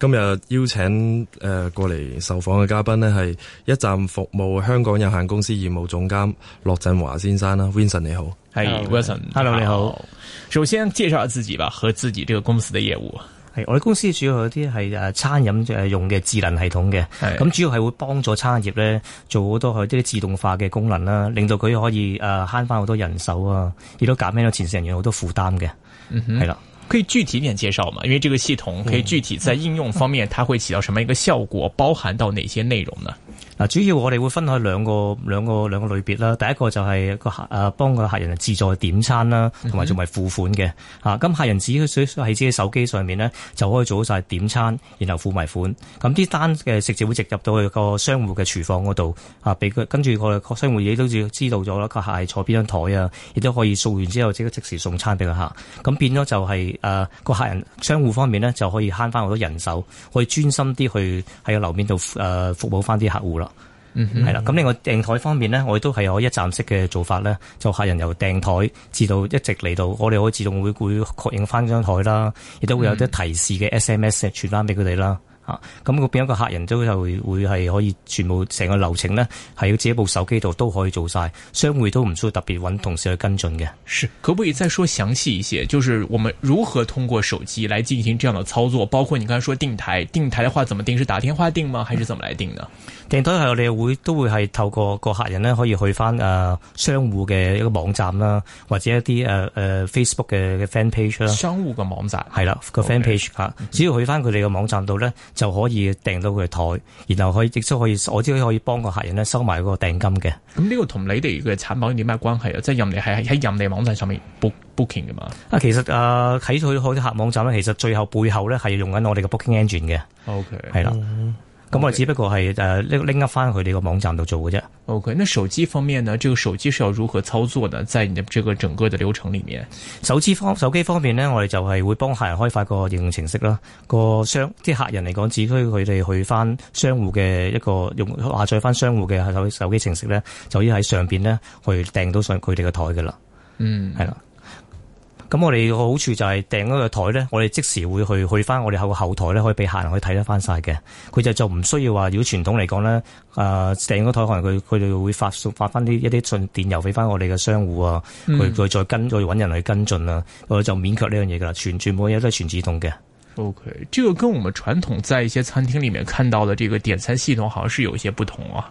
今日邀請誒過嚟受訪嘅嘉賓呢係一站服務香港有限公司業務總監駱振華先生啦。Wilson 你好，係 Wilson，Hello 你好。首先介紹下自己吧，和自己這個公司的業務。係我哋公司主要有啲係誒餐飲用嘅智能系統嘅，咁是主要係會幫助餐飲咧做好多佢啲自動化嘅功能啦，令到佢可以誒慳翻好多人手啊，亦都減輕咗前線人員好多負擔嘅。嗯係啦。Hmm. 可以具體點介紹嘛？因為這個系統可以具體在應用方面，嗯、它會起到什麼一個效果？嗯嗯、包含到哪些內容呢？嗱，主要我哋會分開兩個、兩個、兩個類別啦。第一個就係個客啊幫個客人自助點餐啦，同埋仲埋付款嘅。吓、嗯嗯，咁、啊、客人只需喺自己手機上面咧，就可以做晒點餐，然後付埋款。咁、啊、啲單嘅食接會直入到去個商戶嘅廚房嗰度，啊，俾佢跟住個商戶亦都知道咗啦。客個客係坐邊張台啊，亦都可以掃完之後即刻即時送餐俾個客。咁變咗就係、是。誒，個、呃、客人商戶方面咧，就可以慳翻好多人手，可以專心啲去喺個樓面度誒服務翻啲客戶啦。係啦、嗯哼，咁另外訂台方面咧，我亦都係有一站式嘅做法咧，就客人由訂台至到一直嚟到，我哋可以自動會會確認翻張台啦，亦都會有啲提示嘅 SMS 傳返俾佢哋啦。嗯啊！咁嗰邊一個客人都，都又會係可以全部成個流程呢，係要自己部手機度都可以做晒，商會都唔需要特別揾同事去跟進嘅。是，可唔可以再說詳細一些？就是我們如何通過手機來進行這樣的操作？包括你剛才說訂台，訂台嘅話怎麼定？是打電話定嗎？還是怎麼來定呢？訂台後，我哋會都會係透過個客人咧，可以去翻誒商戶嘅一個網站啦，或者一啲誒誒 Facebook 嘅嘅 Fan Page 啦。商戶嘅網站係啦，了 Okay. 個 Fan Page 吓，只要去翻佢哋嘅網站度咧，就可以訂到佢嘅台，然後可以亦都可以，我知可以幫個客人咧收埋嗰個訂金嘅。咁呢個同你哋嘅產品點咩關係啊？即係任你係喺任你網站上面 book booking 噶嘛？啊，其實啊睇到好多客人網站咧，其實最後背後咧係用緊我哋嘅 Booking Engine 嘅。O K 係啦。嗯咁 Okay. 我只不過係誒拎拎一翻佢哋個網站度做嘅啫。OK，那手機方面呢？這個手機是要如何操作呢？在你的這個整個嘅流程裏面，手機方手機方面咧，我哋就係會幫客人開發個應用程式啦。個商即係客人嚟講，只需佢哋去翻商戶嘅一個用下載翻商戶嘅手手機程式咧，就已經喺上邊咧去訂到上佢哋嘅台㗎啦。嗯，係啦。咁我哋個好處就係訂嗰個台咧，我哋即時會去去翻我哋後後台咧，可以俾客人可以睇得翻晒嘅。佢就就唔需要話，如果傳統嚟講咧，誒、呃、訂嗰台可能佢佢哋會發發翻啲一啲信電郵俾翻我哋嘅商戶啊，佢再跟再搵人去跟進啊，我就免卻呢樣嘢噶啦，全全部嘢都係全自動嘅。OK，呢個跟我們傳統在一些餐廳裏面看到的這個點餐系統，好像是有一些不同啊。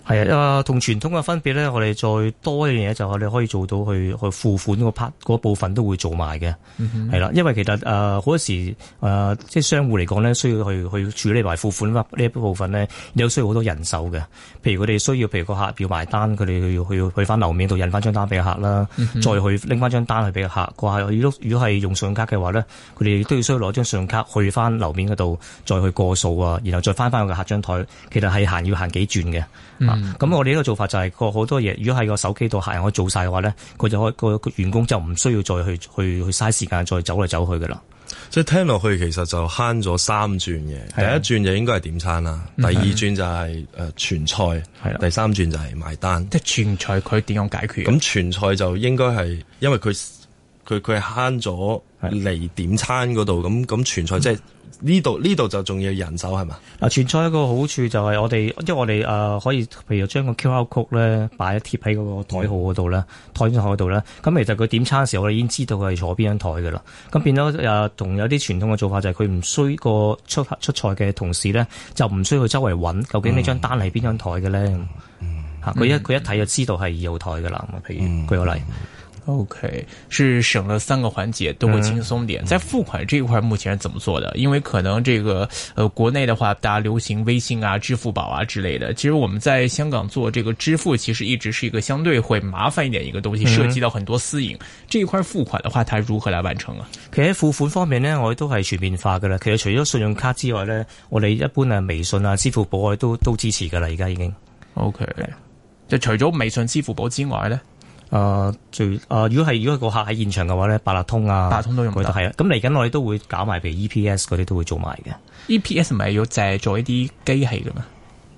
係啊，同傳統嘅分別咧，我哋再多一樣嘢，就我哋可以做到去去付款嗰 part，嗰部分都會做埋嘅，係啦、嗯哼。因為其實誒、呃、好多時誒、呃、即係商戶嚟講咧，需要去去處理埋付款呢一部分咧，有需要好多人手嘅。譬如佢哋需要，譬如個客要埋單，佢哋要去翻樓面度印翻張單俾個客啦，嗯、哼再去拎翻張單去俾個客。個客如果如果係用信用卡嘅話咧，佢哋都要需要攞張信用卡去翻樓面嗰度再去過數啊，然後再翻翻個客張台，其實係行要行幾轉嘅。咁、嗯啊、我哋呢個做法就係個好多嘢，如果喺個手機度客人可以做晒嘅話咧，佢就可以個員工就唔需要再去去去嘥時間再走嚟走去㗎啦。即係聽落去其實就慳咗三轉嘅，啊、第一轉就應該係點餐啦，啊、第二轉就係、是呃、傳菜，啊、第三轉就係埋單。即係、啊、傳菜，佢點樣解決？咁傳菜就應該係因為佢佢佢係慳咗嚟點餐嗰度，咁咁傳菜即係。呢度呢度就仲要人手係嘛？嗱，傳菜一個好處就係我哋，因為我哋誒可以，譬如將個 QR code 咧擺一貼喺嗰個台號嗰度咧，台台嗰度咧，咁其實佢點餐嘅時候，我哋已經知道佢係坐邊張台嘅啦。咁變咗誒，同有啲傳統嘅做法就係佢唔需個出出菜嘅同事咧，就唔需要周圍揾究竟呢張單係邊張台嘅咧。嚇，佢、嗯、一佢一睇就知道係二號台嘅啦。咁啊，譬如舉個、嗯、例。嗯 OK，是省了三個環節都會輕鬆點。嗯、在付款這一塊，目前是怎麼做的？因為可能這個呃，國內的話，大家流行微信啊、支付寶啊之類的。其實我們在香港做這個支付，其實一直是一個相對會麻煩一點一個東西，涉及到很多私隱、嗯、這一塊。付款的話，它如何來完成啊？其實付款方面呢，我都係全面化噶啦。其實除咗信用卡之外呢，我哋一般啊，微信啊、支付寶我哋都都支持噶啦。而家已經 OK、嗯、就除咗微信、支付寶之外呢？誒、呃，最誒、呃，如果係如果個客喺現場嘅話咧，八達通啊，八達通都用得係啊。咁嚟緊我哋都會搞埋，譬如 E P S 嗰啲都會做埋嘅。E P S 唔係要借助一啲機器噶嘛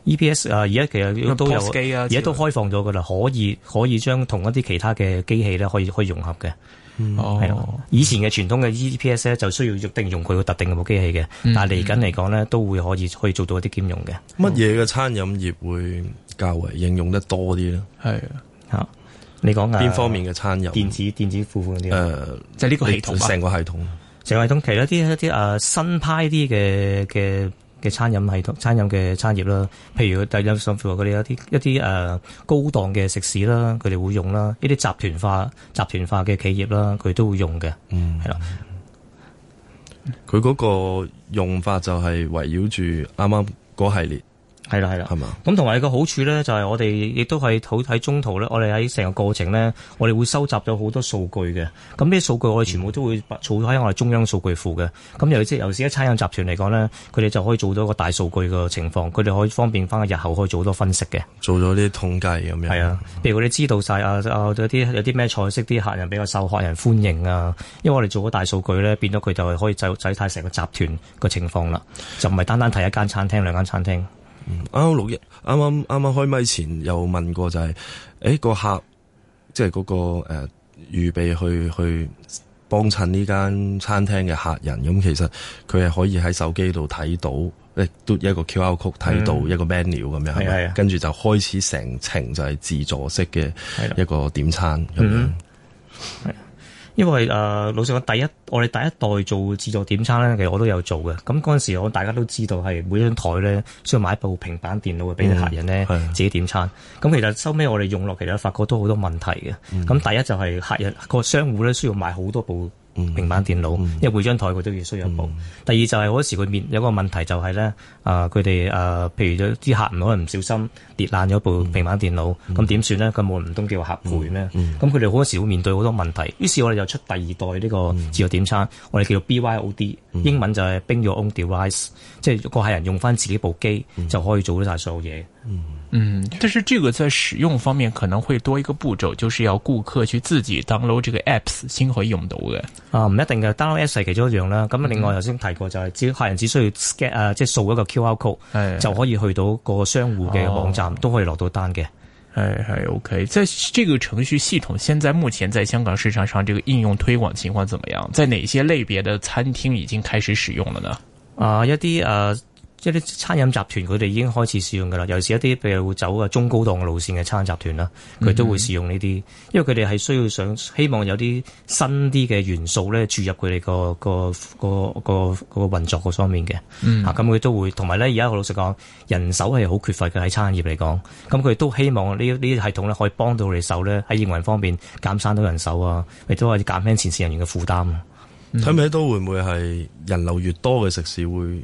？E P S 誒、呃，而家其實以都有機啊，而家都開放咗噶啦，可以可以將同一啲其他嘅機器咧，可以可以，可以融合嘅。係以前嘅傳統嘅 E P S 咧，就需要用定用佢個特定嘅部機器嘅。嗯、但係嚟緊嚟講咧，都會可以可以做到一啲兼容嘅。乜嘢嘅餐飲業會較為應用得多啲咧？係啊的，吓。你講邊、啊、方面嘅餐飲？電子電子付款嗰啲。誒、呃，即係呢、啊、個系統，成個系統。成個系統，其實一啲一啲誒新派啲嘅嘅嘅餐飲系統，餐飲嘅餐業啦。譬如佢哋有啲一啲一啲誒高檔嘅食肆啦，佢哋會用啦。一啲集團化集團化嘅企業啦，佢都會用嘅。嗯，係啦吧。佢嗰個用法就係圍繞住啱啱嗰系列。係啦，係啦，係嘛。咁同埋個好處咧，就係我哋亦都係好喺中途咧，我哋喺成個過程咧，我哋會收集咗好多數據嘅。咁呢啲數據我哋全部都會儲喺我哋中央數據庫嘅。咁尤其即係由時一餐飲集團嚟講咧，佢哋就可以做到一個大數據嘅情況，佢哋可以方便翻日後可以做好多分析嘅。做咗啲統計咁樣。係啊，譬如佢哋知道晒啊啊，有啲有啲咩菜式啲客人比較受客人歡迎啊。因為我哋做咗大數據咧，變咗佢就係可以制制睇成個集團個情況啦，就唔係單單睇一間餐廳、兩間餐廳。啱啱六一，啱啱啱啱開咪前又問過就係、是，誒個客，即係嗰、那個誒、呃、預備去去幫襯呢間餐廳嘅客人，咁、嗯、其實佢係可以喺手機度睇到，誒嘟一個 QR code 睇到一個 menu 咁樣，係咪跟住就開始成程就係自助式嘅一個點餐咁的、嗯、樣。因為誒、呃，老實講，第一我哋第一代做自助點餐咧，其實我都有做嘅。咁嗰陣時，我大家都知道係每張台咧需要買一部平板電腦嘅俾啲客人咧、嗯、自己點餐。咁其實收尾我哋用落，其實發覺都好多問題嘅。咁、嗯、第一就係客人、個商戶咧需要買好多部。平板電腦，嗯、因為每張台佢都要需要一部。嗯、第二就係好多時佢面有個問題就係、是、咧，啊佢哋譬如啲客唔可能唔小心跌爛咗部平板電腦，咁點算咧？佢冇唔通叫客賠咩？咁佢哋好多時會面對好多問題。於是我哋就出第二代呢個自助點餐，嗯、我哋叫做 BYOD，、嗯、英文就係 Bring Your Own Device，、嗯、即係個客人用翻自己部機、嗯、就可以做得晒所有嘢。嗯。嗯，但是，這個在使用方面可能會多一個步驟，就是要顧客去自己 download 這個 apps 先可以用到嘅。啊，唔一定嘅 download apps 係其中一樣啦。咁另外頭先提過就係、是嗯、客人只需要 scan 啊，即係掃一個 QR code，是就可以去到個商戶嘅網站，哦、都可以落到單嘅。係係 OK。在這個程序系統，現在目前在香港市場上，這個應用推廣情況怎麼樣？在哪些類別的餐廳已經開始使用了呢？嗯、啊，一啲啊。呃即係啲餐飲集團佢哋已經開始使用㗎啦，尤其是一啲譬如會走嘅中高檔嘅路線嘅餐飲集團啦，佢、嗯、哼都會使用呢啲，因為佢哋係需要想希望有啲新啲嘅元素咧注入佢哋、嗰個、嗰個個個、嗰個運作個方面嘅，咁佢、嗯、都會同埋咧而家好老實講，人手係好缺乏嘅喺餐業嚟講，咁佢都希望呢啲呢啲系統咧可以幫到你手咧喺營運方面減省到人手啊，亦都可以減輕前線人員嘅負擔。睇唔睇到會唔會係人流越多嘅食肆會？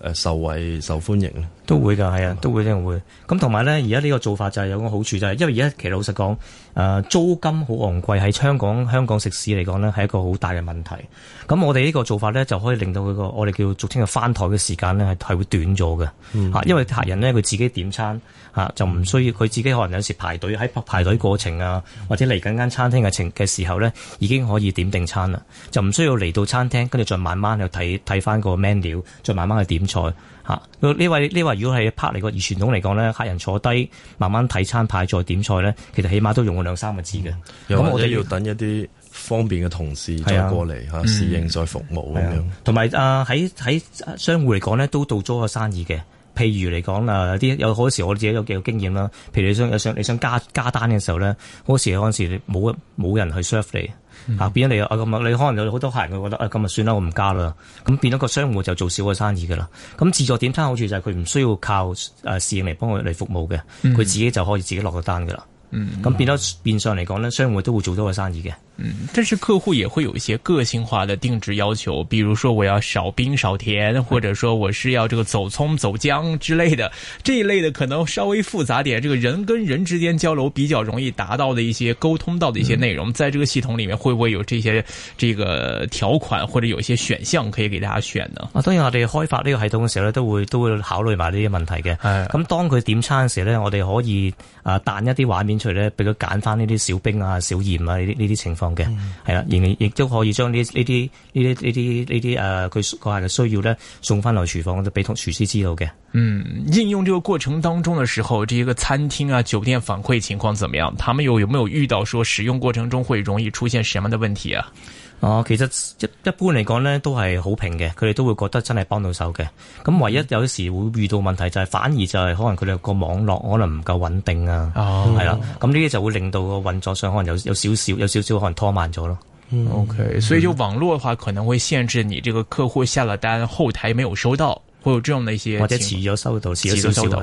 誒受惠受歡迎，都會㗎，係啊，都會一定會。咁同埋咧，而家呢個做法就係有個好處，就係因為而家其實老實講，誒、呃、租金好昂貴，喺香港，香港食肆嚟講呢係一個好大嘅問題。咁我哋呢個做法呢，就可以令到佢個我哋叫俗稱嘅翻台嘅時間呢，係係會短咗嘅，嗯、因為客人呢，佢自己點餐嚇，就唔需要佢自己可能有時排隊，喺排隊過程啊，或者嚟緊間餐廳嘅情嘅時候呢，已經可以點定餐啦，就唔需要嚟到餐廳跟住再慢慢去睇睇翻個 menu，再慢慢去點。菜嚇呢位呢位，如果係 part 嚟個傳統嚟講咧，客人坐低慢慢睇餐牌再點菜咧，其實起碼都用咗兩三個字嘅。咁、嗯、我哋要等一啲方便嘅同事再過嚟嚇侍應再服務咁、嗯啊、樣。同埋啊喺喺商戶嚟講咧，都到咗個生意嘅。譬如嚟講啊，啲有好多時我自己有幾個經驗啦。譬如你想你想你想加加單嘅時候咧，好多時有陣時冇冇人去 serve 你。啊，嗯、變咗你啊，咁啊，你可能有好多客人佢覺得啊，咁啊算啦，我唔加啦，咁變咗個商戶就做少個生意嘅啦。咁自助點餐好處就係佢唔需要靠誒侍應嚟幫佢嚟服務嘅，佢自己就可以自己落個單嘅啦。嗯，咁變咗變相嚟講咧，雖然我都會做多個生意嘅，嗯，但是客戶也會有一些個性化的定製要求，比如說我要少冰少甜，或者說我是要這個走蔥走薑之類的，這一類的可能稍微複雜點。這個人跟人之間交流比較容易達到的一些溝通到的一些內容，嗯、在這個系統裏面會不會有這些這個條款或者有一些選項可以給大家選呢？啊，當然我哋開發呢個系統嘅時候咧，都會都會考慮埋呢啲問題嘅。係、嗯，咁、嗯、當佢點餐嘅時候咧，我哋可以啊、呃、彈一啲畫面。除咧，比較揀翻呢啲小兵啊、小鹽啊呢啲呢啲情況嘅，係啦，亦都可以將呢啲呢啲呢啲呢啲誒，佢嘅需要咧送翻嚟廚房，就俾同廚師知道嘅。嗯，應用這個過程當中的時候，這個餐廳啊、酒店反饋情況怎麼樣？他們有有沒有遇到說使用過程中會容易出現什麼嘅問題啊？哦，其實一一般嚟講呢都係好評嘅，佢哋都會覺得真係幫到手嘅。咁唯一有時會遇到問題就係，反而就係可能佢哋個網絡可能唔夠穩定啊，係啦、哦。咁呢啲就會令到個運作上可能有有少少，有少少可能拖慢咗咯。OK，所以要網絡嘅話，可能會限制你這個客戶下了單，後台冇收到，會有這樣的一些或者遲咗收到，遲咗收到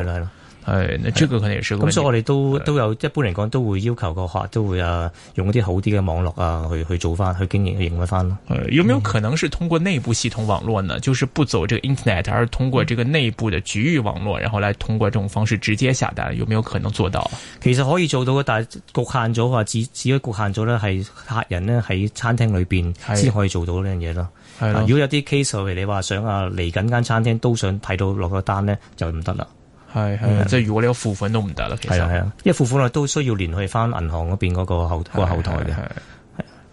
係，追佢肯定追。咁所以我哋都的都有，一般嚟講都會要求個客都會啊，用一啲好啲嘅網絡啊，去去做翻，去經營，去營運翻咯。係、哎，有沒有可能是通過內部系統網絡呢？嗯、就是不走這個 internet，而是通過這個內部的局域網絡，嗯、然後來通過這種方式直接下單，有沒有可能做到？其實可以做到嘅，但係局限咗話，只只係局限咗呢係客人呢喺餐廳裏邊先可以做到呢樣嘢咯。如果有啲 case，你話想啊嚟緊間餐廳都想睇到落個單呢就唔得啦。係係，即係、嗯、如果你個付款都唔得啦，其實係啊，因為付款都需要連去翻銀行嗰邊嗰個後個後台嘅。係係係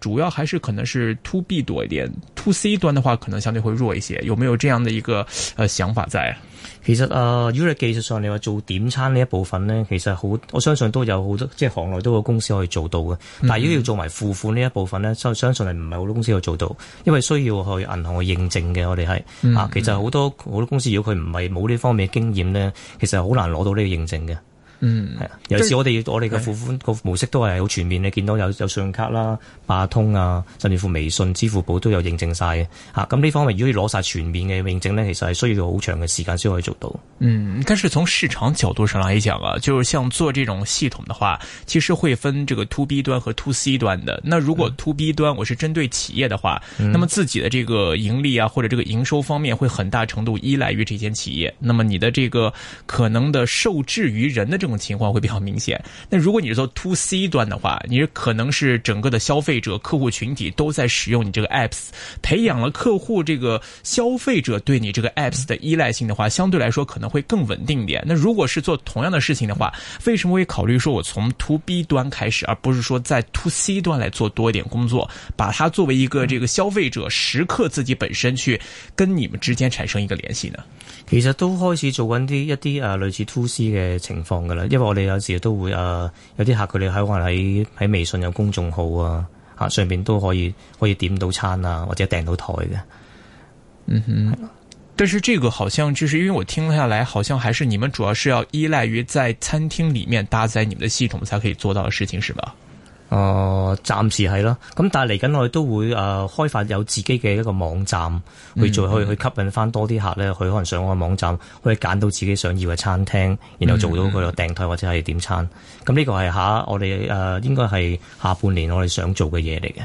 主要還是可能是 to B 多一點，to C 端的話可能相對會弱一些，有沒有這樣的一個呃想法在？其實，呃，如果喺技術上你話做點餐呢一部分呢，其實好，我相信都有好多即係行內都有公司可以做到嘅。嗯、但係如果要做埋付款呢一部分呢，相信係唔係好多公司可以做到，因為需要去銀行去認證嘅。我哋係、嗯、啊，其實好多好多公司如果佢唔係冇呢方面嘅經驗呢，其實好難攞到呢個認證嘅。嗯，係啊，尤其是我哋、就是、我哋嘅付款個模式都係好全面，你見到有有信用卡啦、八達通啊，甚至乎微信、支付寶都有認證晒嘅吓。咁、啊、呢方面如果要攞晒全面嘅認證咧，其實係需要好長嘅時間先可以做到。嗯，但是從市場角度上來講啊，就是像做這種系統的話，其實會分這個 to B 端和 to C 端的。那如果 to B 端我是針對企業的話，嗯、那麼自己的這個盈利啊或者這個營收方面會很大程度依賴於這間企業。那麼你的這個可能的受制於人的政種情況會比較明顯。那如果你是做 To C 端的話，你是可能是整個的消費者客戶群體都在使用你這個 Apps，培養了客戶這個消費者對你這個 Apps 的依賴性的話，相對來說可能會更穩定一點。那如果是做同樣的事情的話，為什麼會考慮說我從 To B 端開始，而不是說在 To C 端來做多一點工作，把它作為一個這個消費者時刻自己本身去跟你們之間產生一個聯繫呢？其實都開始做緊啲一啲啊類似 To C 嘅情況噶啦。因為我哋有時都會啊、呃，有啲客佢哋喺可能喺喺微信有公眾號啊，吓、啊、上邊都可以可以點到餐啊，或者訂到台嘅。嗯哼，但是這個好像就是因為我聽下來，好像還是你們主要是要依賴於在餐廳裏面搭載你們的系統才可以做到的事情，是吧？哦，暫時係咯，咁但係嚟緊我哋都會誒開發有自己嘅一個網站，嗯、去做去去吸引翻多啲客咧，去可能上我個網站，去揀到自己想要嘅餐廳，然後做到佢個訂台或者係點餐。咁呢、嗯、個係下我哋誒、呃、應該係下半年我哋想做嘅嘢嚟嘅。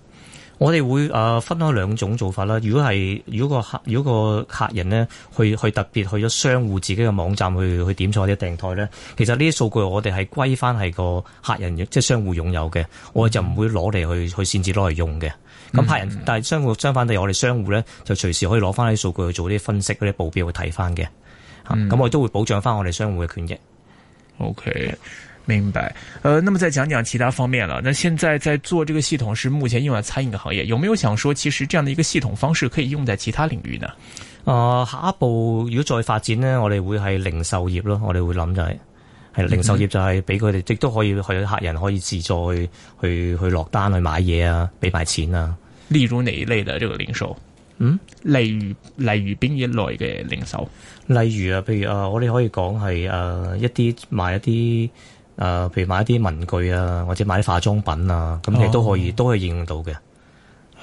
我哋會誒分開兩種做法啦。如果係如果個客如果個客人呢，去去特別去咗商戶自己嘅網站去去點菜或者訂台呢，其實呢啲數據我哋係歸翻係個客人即係、就是、商戶擁有嘅，我就唔會攞嚟去去擅自攞嚟用嘅。咁、嗯、客人但係商戶相反地，我哋商戶呢，就隨時可以攞翻啲數據去做啲分析嗰啲報表去睇翻嘅。咁、嗯啊、我都會保障翻我哋商戶嘅權益。O K。明白，呃，那麼再講講其他方面啦。那現在在做這個系統，是目前用喺餐飲嘅行業，有沒有想說，其實這樣的一個系統方式可以用喺其他領域呢啊、呃，下一步如果再發展呢，我哋會係零售業咯，我哋會諗就係、是，係零售業就係俾佢哋，亦、嗯、都可以去客人可以自助去去去落單去買嘢啊，俾埋錢啊。例如哪一類的這個零售？嗯例，例如例如邊一類嘅零售？例如啊，譬如啊，我哋可以講係誒一啲賣一啲。誒，譬如買一啲文具啊，或者買啲化妝品啊，噉你都可以、oh. 都可以應用到嘅。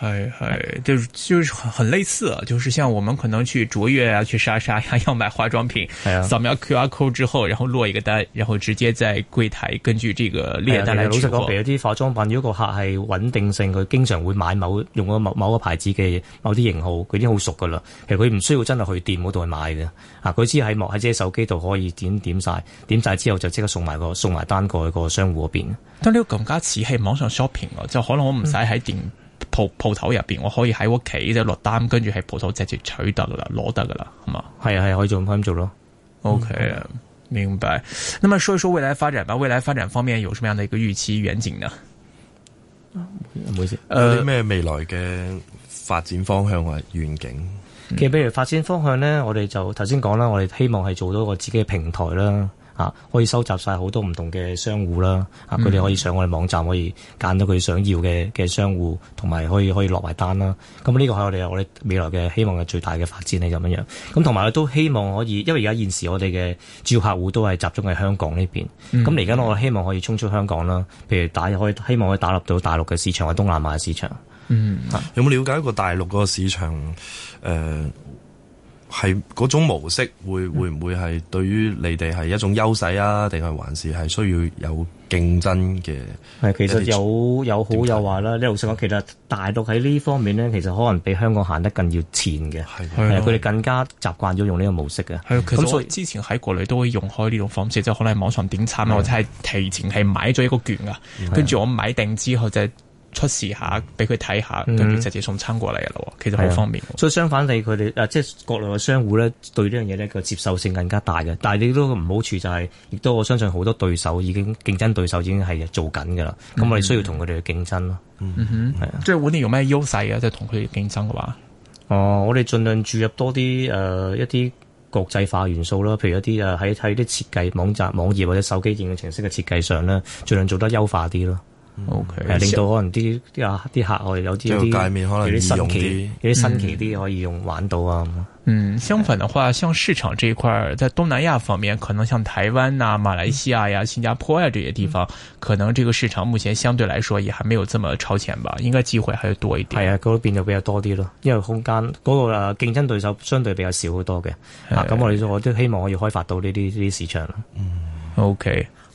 係係，就就是很類似，啊就是像我們可能去卓越啊，去莎莎啊要買化妝品，掃、啊、描 Q R Code 之後，然後落一個單，然後直接在櫃台根據這個列單嚟支付。老實講，譬如有啲化妝品，如果個客係穩定性，佢經常會買某用個某某個牌子嘅某啲型號，佢已經好熟噶啦。其實佢唔需要真係去店嗰度買嘅，啊，佢只係望喺自己手機度可以點點晒，點晒之後就即刻送埋個送埋單個去個商戶嗰邊。但呢個更加似係網上 shopping 咯，啊，就可能我唔使喺店。嗯鋪鋪頭入邊，我可以喺屋企就落單，跟住喺鋪頭直接取得啦，攞得噶啦，係嘛？係啊，係可以做咁做咯。OK 啊、嗯，明白。那麼說一說未來發展吧。未來發展方面有什麼樣的一個預期遠景呢？唔好意思，呃、有啲咩未來嘅發展方向或、啊、願景？嗯、其實，比如發展方向咧，我哋就頭先講啦，我哋希望係做到個自己嘅平台啦。啊！可以收集晒好多唔同嘅商戶啦，啊、嗯，佢哋可以上我哋網站，可以揀到佢想要嘅嘅商戶，同埋可以可以落埋單啦。咁呢個係我哋我哋未來嘅希望嘅最大嘅發展係咁樣樣。咁同埋都希望可以，因為而家現時我哋嘅主要客戶都係集中喺香港呢邊。咁而家我希望可以衝出香港啦，譬如打可以希望可以打入到大陸嘅市場同東南亞嘅市場。市場，嗯、啊、有冇了解過大陸個市場？誒、呃？係嗰種模式會會唔會係對於你哋係一種優勢啊？定係還是係需要有競爭嘅？其實有有好何有壞啦。你老成日講其實大陸喺呢方面呢，嗯、其實可能比香港行得更要前嘅。係的，佢哋的更加習慣咗用呢個模式嘅。係，其實我之前喺國內都會用開呢種方式，即係可能網上點餐的或者係提前係買咗一個券啊。跟住的我買定之後就係。出示下，俾佢睇下，跟住直接送餐過嚟嘅啦。其實好、嗯、方便。所以相反地，佢哋啊，即係國內嘅商戶咧，對呢樣嘢咧個接受性更加大嘅。但係你都唔好處就係、是，亦都我相信好多對手已經競爭對手已經係做緊嘅啦。咁、嗯、我哋需要同佢哋去競爭咯。嗯、即係我哋用咩優勢啊？即係同佢哋競爭嘅話，哦、呃，我哋盡量注入多啲誒一啲、呃、國際化元素啦。譬如一啲誒喺喺啲設計網站、網頁或者手機應用程式嘅設計上咧，盡量做得優化啲咯。O K，令到可能啲啲啲客，我哋有啲啲界面可能啲新奇、有啲新奇啲可以用、嗯、玩到啊。嗯，相反嘅話，像市場這一塊，在東南亞方面，可能像台灣啊、馬來西亞呀、啊、嗯、新加坡呀、啊、這些地方，可能這個市場目前相對來說也還沒有這麼超前吧。應該機會還要多一點。係啊，嗰邊就比較多啲咯，因為空間嗰、嗰個啊競爭對手相對比較少好多嘅。嗯、啊，咁我哋我都希望我要開發到呢啲呢啲市場。嗯，O K。Okay,